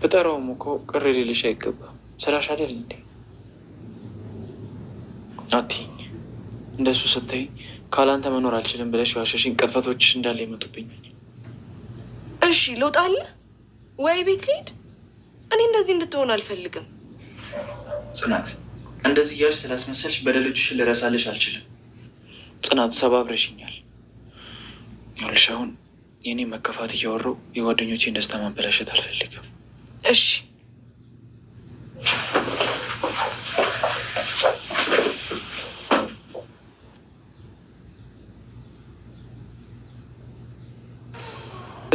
በጠራውም እኮ ቅር ሊልሽ አይገባም። ስራሽ አይደል እንዴ? አትይኝ። እንደሱ ስታይኝ ካላንተ መኖር አልችልም ብለሽ ዋሸሽኝ። ቅጥፈቶችሽ እንዳለ ይመጡብኛል። እሺ ልውጣ ወይ ቤት ልሄድ? እኔ እንደዚህ እንድትሆን አልፈልግም። ጽናት፣ እንደዚህ እያልሽ ስላስመሰልሽ በደሎችሽን ልረሳልሽ አልችልም። ጽናት፣ ሰባብረሽኛል። ይኸውልሽ አሁን የእኔ መከፋት እያወራሁ የጓደኞቼን ደስታ ማበላሸት አልፈልግም። እሺ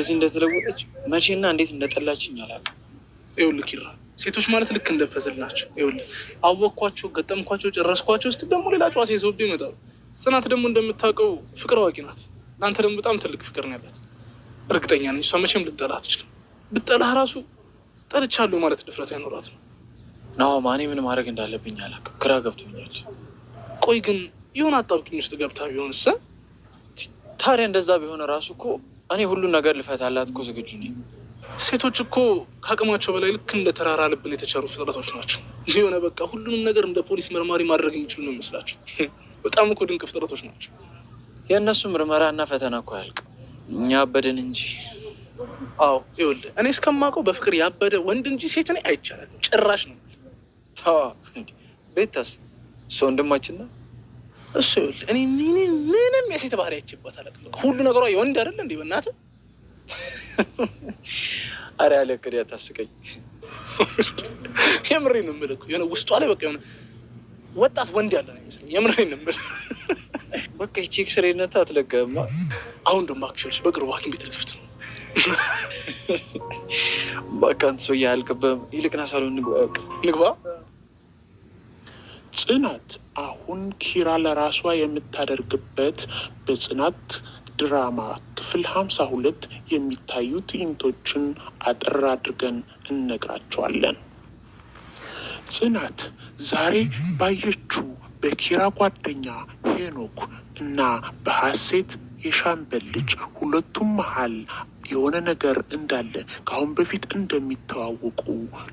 እዚህ እንደተለወጠች መቼና እንዴት እንደጠላችኝ አላውቅም። ይኸውልህ ኪራ፣ ሴቶች ማለት ልክ እንደ ፐዝል ናቸው። ይኸውልህ አወቅኳቸው፣ ገጠምኳቸው፣ ጨረስኳቸው ስትል ደግሞ ሌላ ጨዋታ ይዘውብህ ይመጣሉ። ጽናት ደግሞ እንደምታውቀው ፍቅር አዋቂ ናት። ለአንተ ደግሞ በጣም ትልቅ ፍቅር ነው ያላት። እርግጠኛ ነኝ እሷ መቼም ልጠላህ አትችልም። ብጠላህ ራሱ ጠርቻለሁ ማለት ድፍረት አይኖራትም። ናው ማኔ ምን ማድረግ እንዳለብኝ አላውቅም፣ ግራ ገብቶኛል። ቆይ ግን የሆነ አጣብቂኝ ውስጥ ገብታ ቢሆን እሰ ታዲያ እንደዛ ቢሆን እራሱ እኮ እኔ ሁሉን ነገር ልፈታላት እኮ ዝግጁ ነኝ። ሴቶች እኮ ከአቅማቸው በላይ ልክ እንደ ተራራ ልብን የተቸሩ ፍጥረቶች ናቸው። የሆነ በቃ ሁሉንም ነገር እንደ ፖሊስ መርማሪ ማድረግ የሚችሉ ነው ይመስላቸው። በጣም እኮ ድንቅ ፍጥረቶች ናቸው። የእነሱ ምርመራ እና ፈተና እኮ አያልቅም። እኛ አበድን እንጂ አዎ ይኸውልህ፣ እኔ እስከማውቀው በፍቅር ያበደ ወንድ እንጂ ሴት እኔ አይቻልም። ጭራሽ ነው ቤታስ እሱ ወንድማችን ነው። እሱ ይኸውልህ፣ እኔ ምን ምንም የሴት ባህሪ አይቼባት አላውቅም። ሁሉ ነገሯ የወንድ አይደል እንዴ? በእናትህ አረ ያለ እቅድ ያታስቀኝ። የምሬን ነው የምልህ እኮ የሆነ ውስጧ ላይ በቃ የሆነ ወጣት ወንድ ያለ ነው ይመስለኝ። የምሬን ነው የምልህ በቃ ይቺ ኤክስሬነት አትለቀህማ። አሁን ደሞ አክሽልሽ በቅርቡ ሐኪም ቤት ልክፍት ነው በቃ እንትን ሰውዬ ይልቅና ሳሎን ልግባ። ጽናት አሁን ኪራ ለራሷ የምታደርግበት በጽናት ድራማ ክፍል ሀምሳ ሁለት የሚታዩ ትዕይንቶችን አጥር አድርገን እነግራቸዋለን። ጽናት ዛሬ ባየችው በኪራ ጓደኛ ሄኖክ እና በሀሴት የሻምበል ልጅ ሁለቱም መሀል የሆነ ነገር እንዳለ ከአሁን በፊት እንደሚተዋወቁ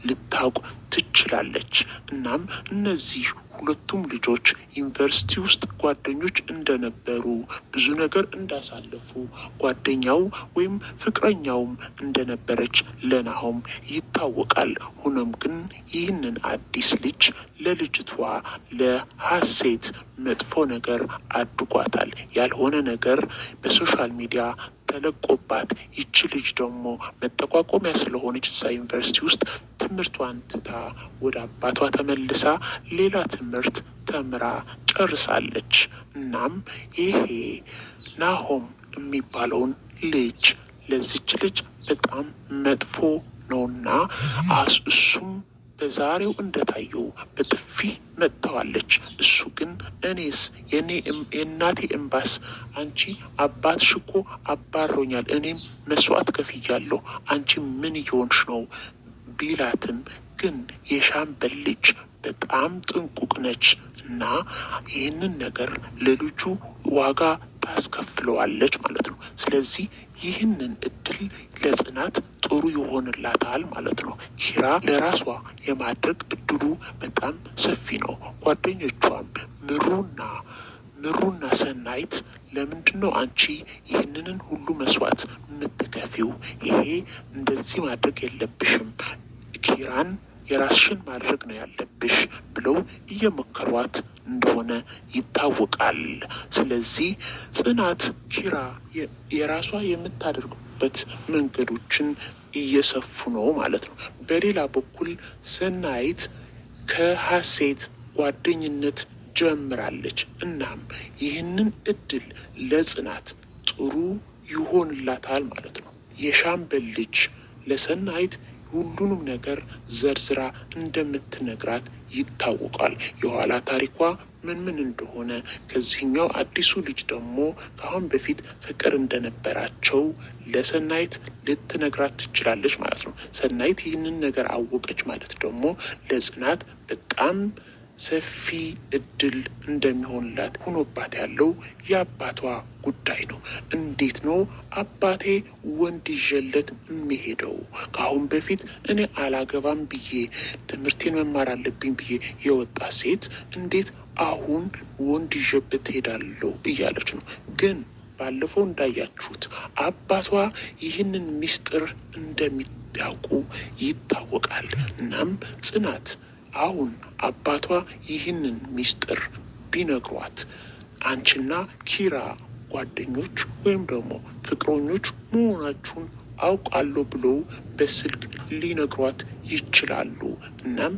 ልታውቅ ትችላለች። እናም እነዚህ ሁለቱም ልጆች ዩኒቨርሲቲ ውስጥ ጓደኞች እንደነበሩ ብዙ ነገር እንዳሳለፉ ጓደኛው ወይም ፍቅረኛውም እንደነበረች ለናሆም ይታወቃል። ሆኖም ግን ይህንን አዲስ ልጅ ለልጅቷ ለሀሴት መጥፎ ነገር አድጓታል። ያልሆነ ነገር በሶሻል ሚዲያ ተለቆባት ይቺ ልጅ ደግሞ መጠቋቆሚያ ስለሆነች እዛ ዩኒቨርሲቲ ውስጥ ትምህርቷን ትታ ወደ አባቷ ተመልሳ ሌላ ትምህርት ተምራ ጨርሳለች። እናም ይሄ ናሆም የሚባለውን ልጅ ለዚች ልጅ በጣም መጥፎ ነውና እሱም በዛሬው እንደታየው በጥፊ መጥተዋለች። እሱ ግን እኔስ የኔ የእናቴ እምባስ አንቺ አባት ሽኮ አባሮኛል፣ እኔም መስዋዕት ከፍያለሁ፣ አንቺ ምን እየሆንሽ ነው ቢላትም ግን የሻምበል ልጅ በጣም ጥንቁቅ ነች እና ይህንን ነገር ለልጁ ዋጋ ታስከፍለዋለች ማለት ነው። ስለዚህ ይህንን እድል ለጽናት ጥሩ ይሆንላታል ማለት ነው። ኪራ ለራሷ የማድረግ እድሉ በጣም ሰፊ ነው። ጓደኞቿም ምሩና ምሩና ሰናይት ለምንድን ነው አንቺ ይህንንን ሁሉ መስዋዕት የምትከፊው? ይሄ እንደዚህ ማድረግ የለብሽም ኪራን የራስሽን ማድረግ ነው ያለብሽ ብለው እየመከሯት እንደሆነ ይታወቃል። ስለዚህ ጽናት ኪራ የራሷ የምታደርግበት መንገዶችን እየሰፉ ነው ማለት ነው። በሌላ በኩል ሰናይት ከሀሴት ጓደኝነት ጀምራለች። እናም ይህንን እድል ለጽናት ጥሩ ይሆንላታል ማለት ነው። የሻምበል ልጅ ለሰናይት ሁሉንም ነገር ዘርዝራ እንደምትነግራት ይታወቃል። የኋላ ታሪኳ ምን ምን እንደሆነ ከዚህኛው አዲሱ ልጅ ደግሞ ከአሁን በፊት ፍቅር እንደነበራቸው ለሰናይት ልትነግራት ትችላለች ማለት ነው። ሰናይት ይህንን ነገር አወቀች ማለት ደግሞ ለጽናት በጣም ሰፊ እድል እንደሚሆንላት ሁኖባት ያለው የአባቷ ጉዳይ ነው። እንዴት ነው አባቴ ወንድ ይዤለት የሚሄደው? ከአሁን በፊት እኔ አላገባም ብዬ ትምህርቴን መማር አለብኝ ብዬ የወጣ ሴት እንዴት አሁን ወንድ ይዤበት ሄዳለሁ እያለች ነው ግን ባለፈው እንዳያችሁት አባቷ ይህንን ምስጢር እንደሚያውቁ ይታወቃል። እናም ጽናት አሁን አባቷ ይህንን ሚስጥር ቢነግሯት አንቺና ኪራ ጓደኞች ወይም ደግሞ ፍቅረኞች መሆናችሁን አውቃለሁ ብለው በስልክ ሊነግሯት ይችላሉ። እናም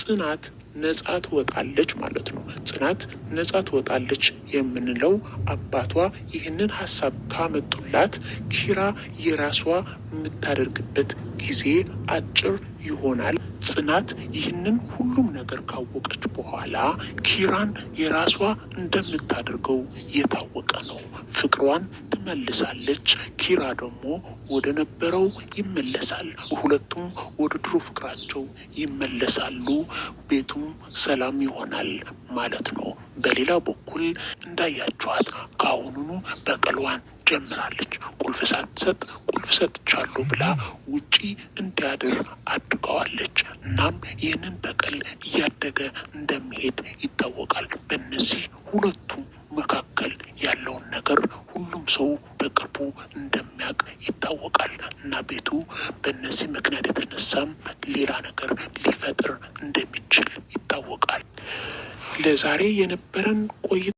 ጽናት ነጻ ትወጣለች ማለት ነው። ጽናት ነጻ ትወጣለች የምንለው አባቷ ይህንን ሀሳብ ካመጡላት ኪራ የራሷ የምታደርግበት ጊዜ አጭር ይሆናል። ጽናት ይህንን ሁሉም ነገር ካወቀች በኋላ ኪራን የራሷ እንደምታደርገው የታወቀ ነው። ፍቅሯን ትመልሳለች፣ ኪራ ደግሞ ወደ ነበረው ይመለሳል። ሁለቱም ወደ ድሮ ፍቅራቸው ይመለሳሉ። ቤቱም ሰላም ይሆናል ማለት ነው። በሌላ በኩል እንዳያችኋት ከአሁኑኑ በቀሏን ጀምራለች። ቁልፍ ሳትሰጥ ቁልፍ ሰጥቻለሁ ብላ ውጪ እንዲያድር አድገዋለች። እናም ይህንን በቀል እያደገ እንደሚሄድ ይታወቃል። በእነዚህ ሁለቱ መካከል ያለውን ነገር ሁሉም ሰው በቅርቡ እንደሚያውቅ ይታወቃል እና ቤቱ በእነዚህ ምክንያት የተነሳም ሌላ ነገር ሊፈጥር እንደሚችል ይታወቃል። ለዛሬ የነበረን ቆይታ